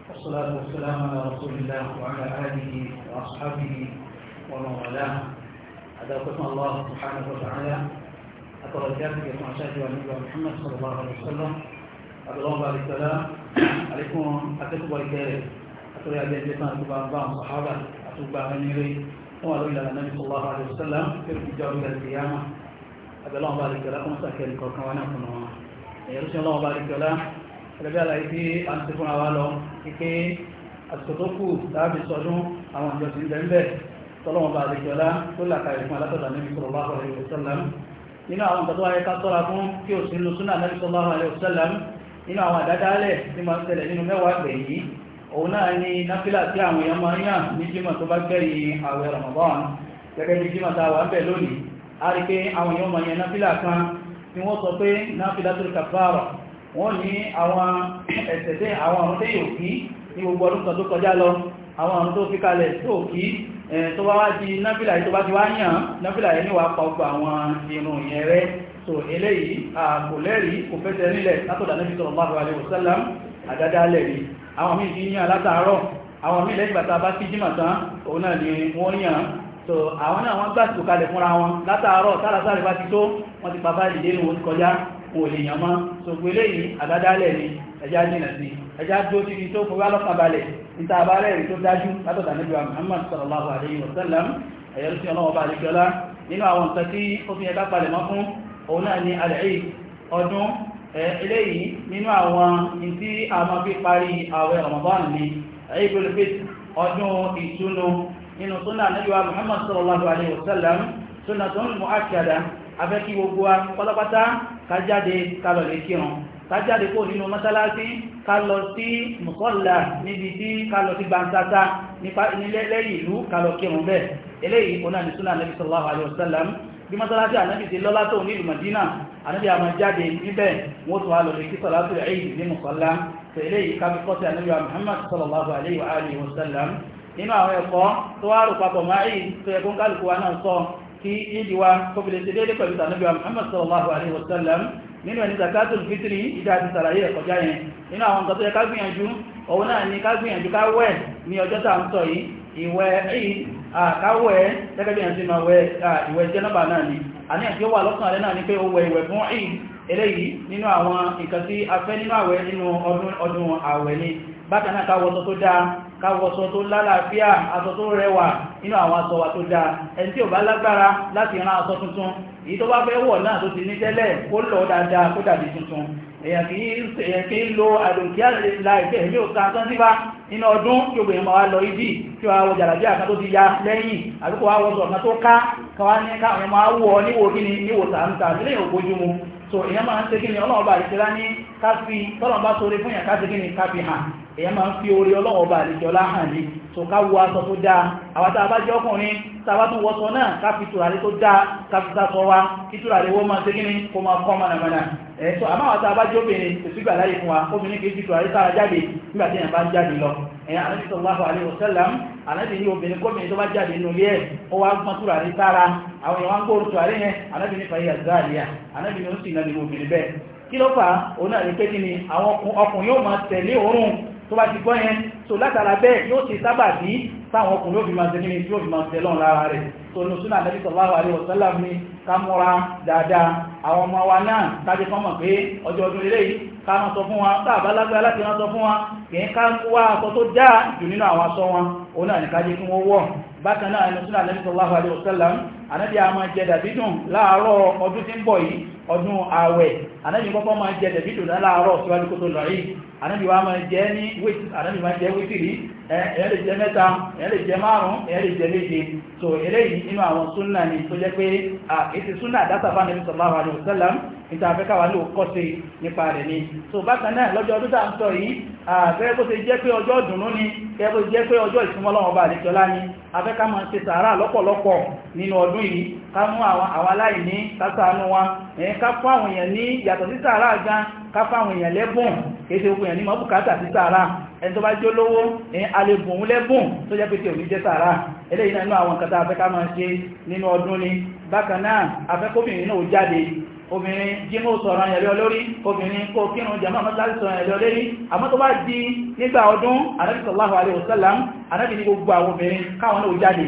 والصلاة والسلام على رسول الله وعلى آله وأصحابه ومن والاه قسم الله سبحانه وتعالى أترجاكم يا معشاهد والنبي محمد صلى الله عليه وسلم الله عليه السلام عليكم أتكم وإكاره أتري أبي أبي أبي أبي صحابة أتوبة أميري وأدعو إلى النبي صلى الله عليه وسلم في الجار إلى القيامة الله عليه السلام أمسك لكم كمان كمان يا رسول الله بارك السلام ẹ̀lẹ́bí àlàyé tí a ń ti fún àwa lọ kíké àsìkò tó kù láàbì sọdún àwọn ìjọ ti ń bẹ̀ẹ́ tọ́lọ́wọ́n bá àdìjọ́lá tó làkà ìfún alátọ̀dà níbi sallallahu alaihi wasallam nínú àwọn ìgbàtọ́ ayé ká sọ́ra fún kí o sí inú níbi sallallahu ni náfílà tí àwọn èèyàn máa ń yàn ní jímọ̀ tó bá gbẹ̀yìn àwẹ̀ Ramadan gẹ́gẹ́ bí jímọ̀ tá a wà ń bẹ̀ lónìí wọ́n ní àwọn ẹ̀sẹ̀dẹ́ àwọn àwọn tẹ́yò kí ní gbogbo ọdún kan tó kọjá lọ àwọn àwọn tó fi kalẹ̀ tó kí tó bá wá di náfìlà tó bá ti wá yàn náfìlà yẹn níwà pa àwọn irun yẹn rẹ so eléyìí kò lẹ́rìí kò fẹ́sẹ̀ nílẹ̀ látọ̀dà Nábì sallallahu alaihi wasallam àdáda lẹ́rí àwọn míì ti yàn látàárọ̀ àwọn míì lẹ́yìn bàtà bá kíjímà tán òun náà ni wọ́n so àwọn náà wọ́n gbàsìkò kalẹ̀ fúnra wọn látàárọ̀ tálàtàrí bá ti tó wọ́n kò lè yàn mọ́ sògbò eléyìí àdádálẹ̀ ni ẹjá jìnà sí ẹjá tó ti fi tó fọwọ́ lọ́kàbalẹ̀ níta abárẹ̀ rí tó dájú látọ̀tà níbi wa Muhammad sallallahu alayhi wa sallam ẹ̀yẹ́rú sí ọlọ́wọ́ bá àdéjọ́lá nínú àwọn nǹkan tí ó fi ẹ̀ká palẹ̀ mọ́ ni àlẹ́ ọdún eléyìí nínú àwọn tí a máa fi parí àwẹ̀ Ramadan ni Eidul Fitr ọdún ìtúnu nínú Muhammad sallallahu alayhi wa sallam súnà tó ń mú àkàdá afẹ́kí gbogbo kájáde kálọ̀lẹ̀ kírun kájáde kó nínú mọ́sálásí kálọ sí mùsọ́lá níbi tí kálọ sí gbansata lẹ́yìn ìlú kálọ kírun bẹ́ẹ̀ eléyìí oná ní súnà nàbí sallallahu alaihi wasallam bí mọ́sálásí ànábì ti lọ́lá tó ní ìlú Madina ànábì àmà jáde níbẹ̀ wọ́n tó wà lọ́lẹ̀ kí sọ̀látù ẹ̀yìn ní mùsọ́lá tó eléyìí Muhammad sallallahu alaihi wasallam nínú àwọn ẹ̀kọ́ tó wà rò papọ̀ máa èyí tó ẹ̀kọ́ wa náà sọ kí ìdí wa kó fi lè ṣe déédé pẹ̀lú tànàbí wa muhammad sallallahu alaihi nínú ẹni zakatul fitri ìdá àti sàlàyé ẹ̀kọ́já yẹn nínú àwọn nǹkan tó yẹ ká gbìyànjú òun náà ni ká gbìyànjú ká wẹ̀ ní ọjọ́ tá à ń sọ yìí ìwẹ̀ ẹ̀yìn àkáwẹ̀ gẹ́gẹ́ bí ẹ̀sìn máa wẹ̀ ni àníyàn tí ó wà ni pé ó wẹ̀ ìwẹ̀ fún ẹ̀yìn eléyìí nínú àwọn nǹkan tí a fẹ́ nínú àwẹ̀ nínú ni bákan náà ká wọṣọ tó káwọsọ tó lálàáfíà aṣọ tó rẹwà nínú àwọn aṣọ wa tó dáa ẹni tí ò bá lágbára láti rán aṣọ tuntun èyí tó bá fẹ́ wọ̀ náà tó ti ní tẹ́lẹ̀ kó lọ dáadáa kó dàbí tuntun èyàn kì lo àdòkí àìsẹ̀ èmi ò kan tán síbá nínú ọdún tí ògbè ma ya lẹ́yìn àdúkò wá wọ́n sọ̀kan tó ká káwá ní káwọn ẹmọ ni níwò sàánúta sílé so èyàn máa ń ṣe kí ni ọlọ́ọ̀bà ìṣẹ́lá ní káfí tọ́lọ̀ èyàn máa ń fi orí ọlọ́wọ́ bá àlejò láhàn ní tó ká wọ aṣọ tó dáa àwátá bá jẹ́ ọkùnrin tàbá náà káfi tùràrí tó dáa káfíta wa kí tùràrí wọ́n máa tẹ́gíní kó máa kọ́ mọ̀nàmọ̀nà ẹ̀ẹ́sọ́ àmáwátá bá jẹ́ obìnrin kò sígbà láyé fún wa obìnrin kìí fi tùràrí sára jáde nígbà tí èèyàn bá ń jáde lọ ẹ̀yà ànábì sallallahu alaihi wasallam ànábì ní obìnrin kóbìnrin tó bá jáde nínú ilé ẹ̀ ó wá gbọ́n tùràrí sára àwọn èèyàn wá ń gbóòrùn tùràrí yẹn ànábì ní fàyè kí ló fà á òun náà ni àwọn ọkùnrin yóò máa tẹ̀lé òórùn tó bá ti gbọ́ yẹn so látara bẹ́ẹ̀ yóò ti sábà bí sáwọn ọkùnrin òbí máa tẹ́lẹ̀ tí ó fi máa tẹ́lọ́n lára rẹ̀ so ní súnà Ànábì sallallahu alaihi wasallam ní ká múra dáadáa àwọn ọmọ wa náà tàbí kan mọ̀ pé ọjọ́ ọdún ilé yìí ká máa sọ fún wa tàbá lágbára láti ànábì a máa jẹ dàbídùn láàárọ̀ ọdún tí ń bọ̀ yìí ọdún ààwẹ̀ ànábì kọ́kọ́ máa jẹ dàbídùn láàárọ̀ síwájú kó tó lọ yìí ànábì wa máa jẹ ní wíìtì ànábì ún ẹ̀yẹ́ so eléyìí nínú àwọn súnà ni tó jẹ́ pé àkẹ́sì súnà àdásàbá nàbí sallallahu alaihi wasallam níta afẹ́ká so bákan náà lọ́jọ́ ọdún tá à ń sọ yìí àfẹ́ bó ṣe jẹ́ pé ọjọ́ ìdùnnú ni kẹ́ bó ṣe jẹ́ pé ọdún yìí ká mú àwọn aláìní kásánú wa ẹ̀yìn ká fún àwọn èèyàn ní yàtọ̀ sí sàárà gan ká fún àwọn èèyàn lẹ́bùn kéṣe ogun èèyàn ní mọ́bùkátà sí sàárà ẹni tó bá jó lówó ní alẹ́bùn lẹ́bùn tó jẹ́ pé tí òní jẹ́ sàárà eléyìí nínú àwọn nǹkan tá a fẹ́ ká máa ṣe nínú ọdún ni bákan náà afẹ́kóbìnrin náà jáde obìnrin jímọ̀ sọ̀rọ̀ ẹ̀rẹ́ olórí obìnrin kó kírun jẹmọ́ mọ́sálì sọ̀rọ̀ ẹ̀rẹ́ olórí àmọ́ tó bá di nígbà ọdún anábì sallallahu alaihi wasallam anábì ní gbogbo àwọn obìnrin káwọn náà jáde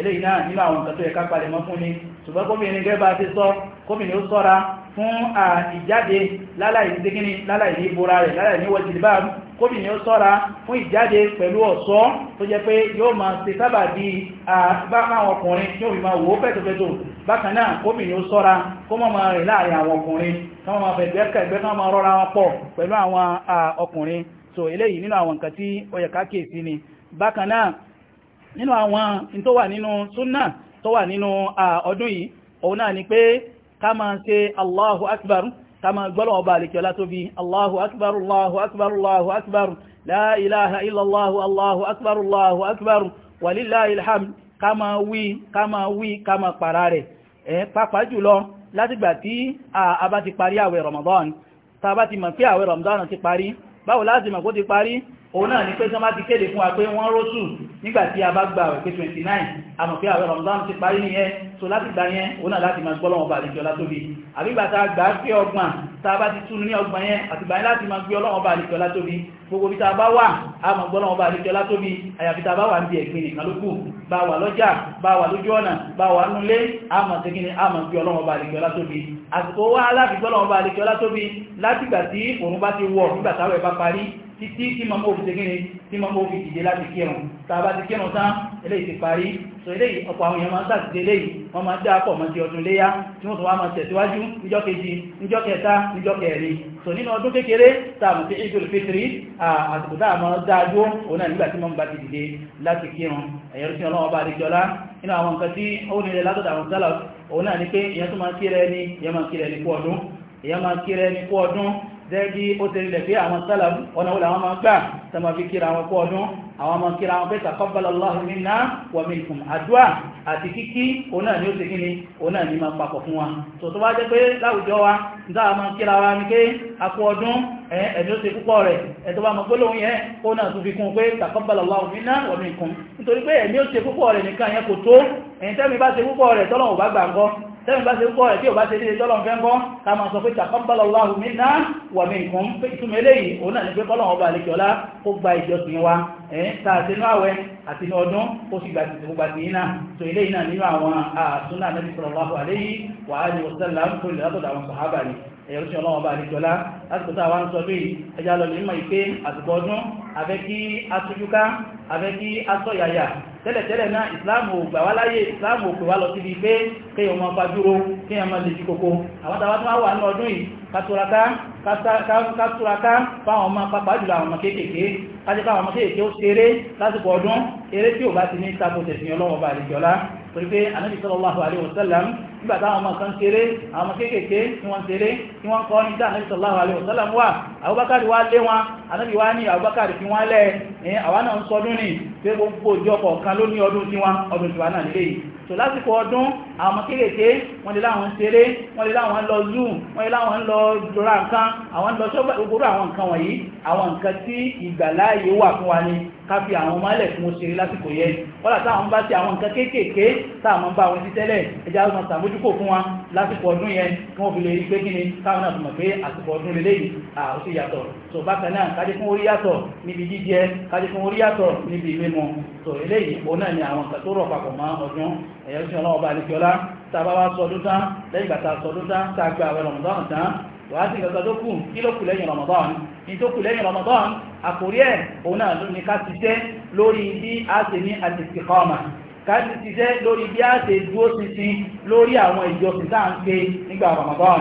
eléyìí náà nínú àwọn nǹkan tó yẹ ká palẹ̀ mọ́ fún ni ṣùgbọ́n kóbìnrin gẹ́gẹ́ bá ti sọ kóbìnrin ó sọ́ra fún ìjáde láláì ní kíní láláì ní ìbora rẹ̀ láláì ní wọ́n jìlìbá kóbìnrin ó sọ́ra fún ìjáde pẹ̀lú ọ̀ṣọ́ tó jẹ́ pé yóò máa ṣe sábà di àbáwọn ọkùnrin yóò fi máa wò ó pẹ̀tọ̀pẹ̀tọ̀ bákan náà kóbìnrin ó sọ́ra kó mọ́ máa rìn láàrin àwọn ọkùnrin káwọn máa bẹ̀gbẹ́ kẹ̀gbẹ́ so eléyìí nínú àwọn nǹkan tí ó yẹ ká kíyèsí ni nínú àwọn tó wà nínú súnnà tó wà nínú ọdún yìí òun náà ni pé ká máa ṣe Allahu akbar ká máa gbọ́lọ̀ ọba àlèkíọ́lá tó bí Allahu akbar Allahu akbar Allahu akbar la ilaha illallah Allahu akbar Allahu akbar walillahil hamd ká máa wí ká máa wí ká máa pàrà rẹ̀ ẹ̀ pàápàá jùlọ látìgbà tí a òun náà ní pé sọ́má ti kéde fún wa pé wọ́n rósù nígbàtí a bá gba ẹ̀pẹ́ 29 àmọ̀fẹ́ àwọn Ramadan ti parí nìyẹn so láti gbà yẹn òun náà láti máa gbọ́lọ́wọ́ bá àlejò látóbi àbígbàtà gbà pé ọgbọ̀n tá a bá ti túnú ní ọgbọ̀n yẹn àtìgbà yẹn láti máa gbé ọlọ́wọ́ bá àlejò látóbi gbogbo bí ta bá wà a máa gbọ́lọ́wọ́ bá àlejò látóbi àyàfi ta bá wà ń bí ẹ̀gbìn nìkan lókù bá wà lọ́jà bá wà lójú ọ̀nà bá wà nulé a máa tẹ́kí ni a máa gbé ọlọ́wọ́ bá àlejò látóbi àsìkò wá láti gbọ́lọ́wọ́ bá àlejò látóbi látìgbà tí òun bá ti wọ̀ nígbà bá parí títí tí ma mọ́ fi tegínni tí ma mọ́ fi dìde láti kírun tàbá ti kírun tán eléyìí ti parí so eléyìí ọ̀pọ̀ àwọn èèyàn máa ń sàtìdé eléyìí wọ́n máa dá pọ̀ mọ́ ti ọdún léyá tí wọ́n tún wá máa tẹ̀síwájú níjọ́ kejì níjọ́ kẹta níjọ́ kẹrin so nínú ọdún kékeré tààmù sí idul fitri àsìkò tá a máa dáadó òun náà nígbà tí wọ́n bá ti dìde láti kírun ẹ̀yẹ́rú sí ọlọ́wọ́ bá rí jọlá nínú àwọn nǹkan tí ó nílẹ̀ látọ̀dọ̀ àwọn sálà òun náà ni pé ìyẹn tó máa kí rẹ ni ìyẹn máa kí rẹ ni kú ọdún ìyẹn máa kí rẹ ni kú ọdún gẹ́gí ó tẹ́rí lẹ̀ pé àwọn sálàmù ọ̀nà olè àwọn máa gbà tẹ́mà fi kíra àwọn kó ọdún àwọn máa kíra àwọn pẹ́ta kọ́bàlọ́láhù minna wa minkum àdúà àti kíkí òun náà ni ó ti kíni òun náà ni máa papọ̀ fún wa tó tó bá jẹ́ pé láwùjọ wa dáa máa kíra wa ní tẹ́mi bá ṣe kọ́ rẹ̀ tí ò bá ṣe dédé tọ́lọ̀ fẹ́ ń kọ́ ká máa sọ pé taqabbalallahu minna wa minkum pé ìtumọ̀ eléyìí òun náà ní pé kọ́lọ̀ ọba àlejòọ́lá kó gba ìjọsìn wa ẹ̀yìn tá a ṣe ní àwẹ̀ àti ní ọdún ó sì gbàtì tó gbàtì yìí náà tó eléyìí náà nínú àwọn àtúnà Nabi sallallahu alayhi wa alihi àfẹ́ kí asọ́yàyà tẹ́lẹ̀tẹ́lẹ̀ náà ìsìláàmù ògbà wá láyé ìsìláàmù òpè wá lọ síbi pé kéèyàn máa fajúro kéèyàn máa lè jí kòkó àwọn tàbá tó wà ní ọdún yìí kátúraká fáwọn ọmọ pàápàá jùlọ àwọn ọmọ kéèkéé kájíká àwọn ọmọ kéèkéé ó ṣeré lásìkò ọdún eré tí ò bá ti ní sápò tẹ̀sìn ọlọ́wọ́ bá àlejọ́lá torí pé anábì sallallahu alaihi wasallam nígbà táwọn ọmọ kan ṣeré àwọn ọmọ kéékèèké tí wọ́n ṣeré tí wọ́n kọ́ nígbà anábì sallallahu alaihi wasallam wà Abubakar wá lé wọn anábì wá ní Abubakar fi wọ́n lẹ̀ àwọn náà ń sọdún ní pé gbogbo ìjọ kọ̀ọ̀kan ló ní ọdún tiwọn ọdún tiwọn náà tò lásìkò ọdún àwọn kéèkéé wọ́n lè láwọn ṣeré wọ́n lè láwọn lọ zoo wọ́n lè láwọn lọ jọra nǹkan àwọn lọ ṣọ́gbà ogoro àwọn nǹkan wọ̀nyí àwọn nǹkan tí ìgbàláyé wà fún wa ni ká fi àwọn mọ́lẹ̀ fún ṣeré lásìkò yẹn wọ́n látà àwọn bá ti àwọn nǹkan kéèkéé táàmù bá wọn sí tẹ́lẹ̀ ẹjá wọn sàmójúkò fún wa lásìkò ọdún yẹn kí wọ́n fi lè rí pé kí ni káwọn náà mọ̀ pé àsìkò ọdún lélẹ́yìí ó sì yàtọ̀ tó bákan náà kájé fún orí yàtọ̀ níbi jíjẹ kájé fún orí yàtọ̀ níbi mímu tó eléyìí òun náà ni àwọn nǹkan tó rọ̀ papọ̀ mọ́ ọdún ẹ̀yẹ́ tí ọlọ́wọ́ bá nìkíọ́lá tàbá wá sọdún tán lẹ́yìn bàtà tán tàgbà àwọn Ramadan tán wàá sì gbàgbà tó kù kí ló kù lẹ́yìn Ramadan ní tó kù lẹ́yìn Ramadan àkórí ẹ̀ òun náà ló ní ká ṣiṣẹ́ lórí bí a ṣe ní àtìsíkọ́ọ̀mà ká sì ṣiṣẹ́ lórí bí a ṣe dúró ṣinṣin lórí àwọn ìjọsìn tá à ń pè nígbà Ramadan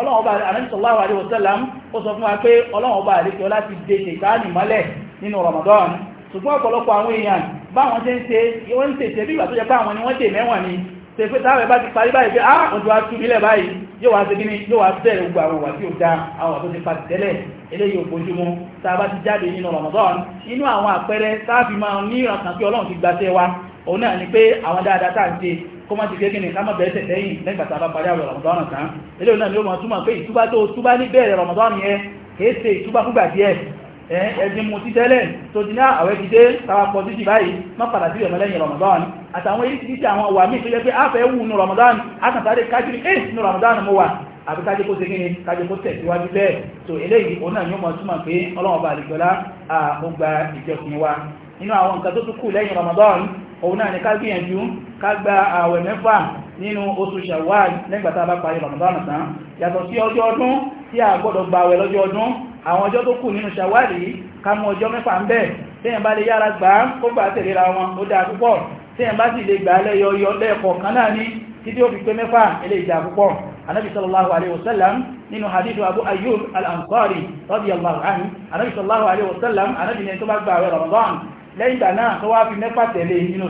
ọlọ́wọ́ba àrẹ́sọ̀láwà àríwọ̀sẹ́lám ó sọ fún wa pé ọlọ́wọ́ba àríkẹ́ láti dé ṣètáàlì mọ́lẹ̀ nínú Ramadan ṣùgbọ́n ọ̀pọ̀lọpọ̀ àwọn èèyàn báwọn ṣe ń ṣe wọ́n ń tètè bí ìgbà tó jẹ pé àwọn ni wọ́n tè mẹ́wọ̀n ni ṣe pé táwọn ẹ̀bá ti parí báyìí pé á ah, òjò wa tú nílẹ̀ báyìí yóò wá ṣe kíní yóò wá bẹ̀rẹ̀ gbogbo àwọn ìwà tí ó da àwọn tó ti pa tẹ́lẹ̀ eléyìí ò bójúmu tá a bá ti jáde nínú Ramadan inú àwọn àpẹẹrẹ sáàfì máa ní ìrànkàn pé Ọlọ́run ti gbaṣẹ́ wa òun náà ni pé àwọn dáadáa tá à ń ṣe kó má ti fi kíni ká má bẹ̀rẹ̀ tẹ̀tẹ̀ yìí lẹ́gbàá tá a bá parí àwọn Ramadan tán eléyìí náà ni ó máa túmọ̀ pé ìtúbá tó túbá ní bẹ̀rẹ̀ Ramadan yẹn kèé ṣe ìtúbá fúgbà díẹ̀ ẹ̀ẹ́dín mu títẹ́lẹ̀ tó ti ní ah, àwẹ́ ti dé tàwàpọ̀ títì báyìí má padà sí ẹ̀mọ́ lẹ́yìn Ramadan àtàwọn èyí títí àwọn ọwà míì tó jẹ́ pé a ah, fẹ́ wù nù Ramadan àtàtàrí kájírí ẹ̀ nù Ramadan mo wà àbí kájí kó segin ni kájí kó tẹ̀síwájú bẹ́ẹ̀ tó eléyìí òun náà yóò mọ̀ túmọ̀ pé ọlọ́run bá àlejòlá àgbà ìjọkùn wa nínú àwọn nǹkan tó tún kù lẹ́yìn Ramadan òun náà ni ká gbìyànjú ká gba àwẹ̀ mẹ́fà nínú oṣù Shawwal lẹ́gbàtà bá parí Ramadan tán yàtọ̀ sí ọjọ́ ọdún tí a gbọ́dọ̀ gba àwẹ̀ lọ́jọ́ àwọn ọjọ́ tó kù nínú ṣàwárì ká mú ọjọ́ mẹ́fà ń bẹ̀ tẹ́yìn bá lè yára gbà á kó gbà tẹ̀léra wọn ó dáa púpọ̀ tẹ́yìn bá sì lè gbà lẹ́yọ lẹ́ẹ̀kọ̀ kan náà ní títí ó fi pé mẹ́fà ilé ìjà púpọ̀ anábi sallallahu alaihi wasallam nínú hadithu abu ayyub al-ansari radiyallahu anhu anábi sallallahu alaihi wasallam anábi ne tó bá gbà àwẹ̀ ramadan lẹ́yìn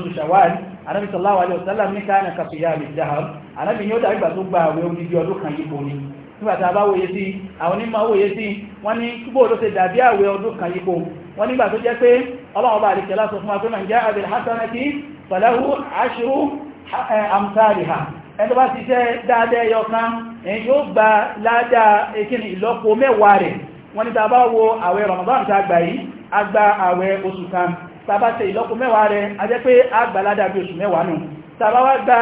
ìgbà ní kàfíyà lè jahar anábi ni ó dàgbà tó gbà àwẹ̀ odidi ọdún kan yípo ni nígbàtà bá wòye sí àwọn onímọ̀ wòye sí wọ́n ní túbọ̀ ló ṣe dàbí àwẹ̀ ọdún kan yípo wọ́n nígbà tó jẹ́ pé ọlọ́ọ̀bá àríkẹ́ lásọ fún agbẹ́mọ̀ jẹ́ àbẹ̀lẹ̀ hasanati pẹ̀lẹ́hù aṣírú eh, amtariha ẹni bá ti jẹ́ dáadẹ́ yọkan èyí yóò gba ládàá ekini eh, ìlọ́po mẹ́wàá rẹ̀ wọ́n ní tàbá wo àwẹ̀ Ramadan ta gbà yìí a gba àwẹ̀ oṣù kan tàbá ṣe mẹ́wàá rẹ̀ a pé a gbà ládàá oṣù mẹ́wàá nù tàbá wá gba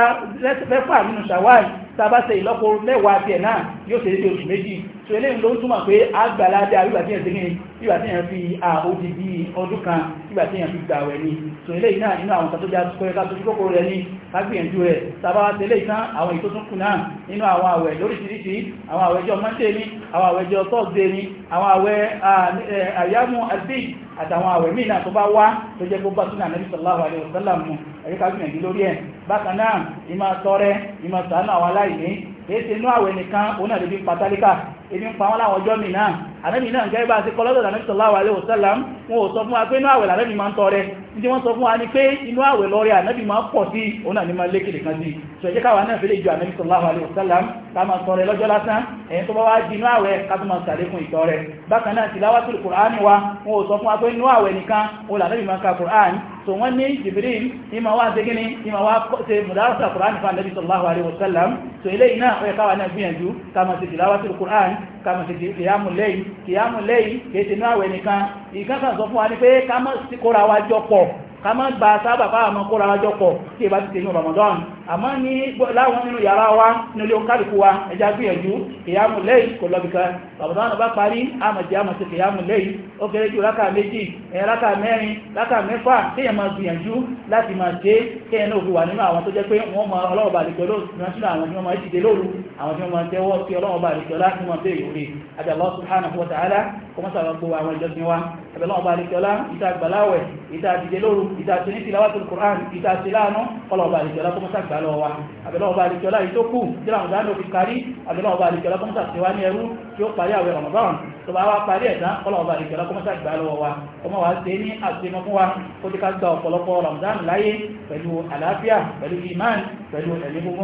mẹ́fà nínú Shawwal tàbá ṣe ìlọ́po mẹ́wàá tiẹ̀ náà yóò ṣe ní oṣù méjì tó eléyìn ló ń túmọ̀ pé àgbàládé àríwàtí ẹ̀sìn ní ìgbàtí ẹ̀yàn fi àòdì bí ọdún kan ìgbàtí ẹ̀yàn fi gbàwẹ̀ ni tó eléyìn náà inú àwọn tàtójá kọ́ẹ̀ká tó kókó rẹ̀ ní kágbìyànjú rẹ̀ tàbá wá tẹ́lẹ̀ ìtàn àwọn ìtótúnkù náà nínú àwọn àwẹ̀ lóríṣiríṣi àwọn àwẹ̀jọ́ mọ́tẹ́ ní àwọn àwẹ̀jọ́ tọ́ọ̀dé ní àwọn àwẹ̀ àyámú àti àtàwọn àwẹ̀ míì náà tó bá wá tó jẹ́ gbogbo súnà nàbí sallallahu alaihi wasallam ẹ̀ríkà gbìyànjú lórí ẹ̀ bákan náà ìmọ̀ tọrẹ ìmọ̀ ṣàánú àwọn aláìní èyí ti inú àwẹ̀ nìkan òun náà lè fi pàtálíkà ebi ń pa wọ́n láwọn ọjọ́ mìí náà ànábì náà gẹ́gẹ́ bá ti kọlọ́dọ̀ ànábì sallallahu alaihi wasallam wọn ò sọ fún wa pé inú àwẹ̀ ànábì máa ń tọrẹ ní wọ́n sọ fún wa so ẹ jẹ́ káwa náà fẹ́lẹ̀ ju ànábì sallallahu alaihi wasallam ká máa tọrẹ lọ́jọ́ lásán ẹ̀yìn tó bá wá di inú àwẹ̀ ká tó máa sàlékún ìtọrẹ bákan náà tilawatul Qur'ani wa wọn ò sọ so wọ́n ní Jibril ní ma wá ṣe gíní ní ma wá ṣe so eléyìí náà ó yẹ káwa náà gbìyànjú ká máa ṣe ká máa ṣe kìyàmù lẹ́yìn kìyàmù lẹ́yìn kìí ṣe ní àwẹ̀ nìkan ìkàkà sọ fún wa ní pé ká máa kóra wa jọ pọ̀ ká máa sábà fáwọn ọmọ kóra wa pọ̀ kí ìbá ti ṣe ní Ramadan àmọ́ ní láwọn nínú yàrá wa nílé oníkálùkù wa ẹja gbìyànjú kìyàmù lẹ́yìn kò lọ́bìkan Ramadan bá parí àmàjì àmàṣe kìyàmù lẹ́yìn ó fẹ́rẹ́ jù rákà méjì ẹ̀yìn rákà mẹ́rin rákà mẹ́fà kéèyàn máa gbìyànjú láti máa ṣe kéèyàn náà fi wà nínú àwọn tó jẹ́ pé wọ́n mọ ọlọ́wọ́ bá àlejò lóṣù àwọn tí wọ́n máa dìde lóru àwọn tí wọ́n máa tẹ́wọ́ sí ọlọ́wọ́ bá àlejò láti máa bẹ́ẹ̀ yòrè àti kọlọ̀ọ̀bá àríkẹ́lá tó mọ́sàgbà lọ wa àbẹ̀lọ́ọ̀bá àríkẹ́lá yìí tó kù jíra àwọn ìdáná fi parí àbẹ̀lọ́ọ̀bá àríkẹ́lá tó mọ́sàgbà ní ẹrú tí ó parí àwẹ̀ Ramadan tó bá wá parí ẹ̀dá kọlọ̀ọ̀bá àríkẹ́lá tó mọ́sàgbà lọ wa ọmọ wa ṣe ní àṣemọ́ fún wa kó ti iman pẹ̀lú ẹ̀mí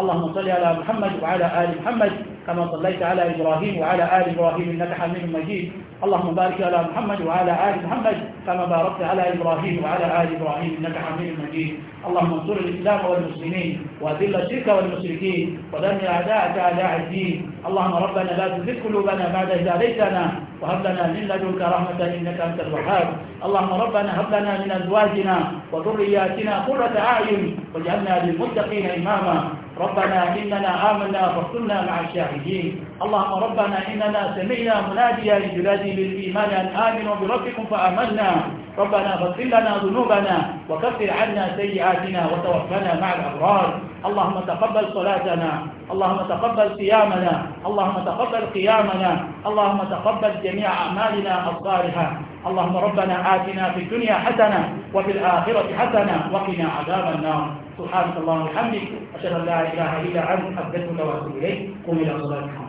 Allahumma salli ala Muhammad كما صليت على إبراهيم وعلى آل إبراهيم إنك حميد مجيد اللهم بارك على محمد وعلى آل محمد كما باركت على إبراهيم وعلى آل إبراهيم إنك حميد مجيد اللهم انصر الإسلام والمسلمين وأذل الشرك والمشركين ودمر أعداءك أعداء الدين اللهم ربنا لا تزغ قلوبنا بعد إذ هديتنا وهب لنا من لدنك رحمة إنك أنت الوهاب اللهم ربنا هب لنا من أزواجنا وذرياتنا قرة أعين واجعلنا للمتقين إماما ربنا إننا آمنا فاصلنا مع الشاهدين اللهم ربنا إننا سمعنا مناديا لجلادي بالإيمان أن آمنوا بربكم فآمنا ربنا فاغفر لنا ذنوبنا وكفر عنا سيئاتنا وتوفنا مع الأبرار اللهم تقبل صلاتنا اللهم تقبل صيامنا اللهم تقبل قيامنا اللهم تقبل جميع أعمالنا الصالحة اللهم ربنا آتنا في الدنيا حسنة وفي الآخرة حسنة وقنا عذاب النار سبحانك اللهم وبحمدك أشهد أن لا إله إلا أنت أستغفرك وأتوب إليك قم إلى صلاتك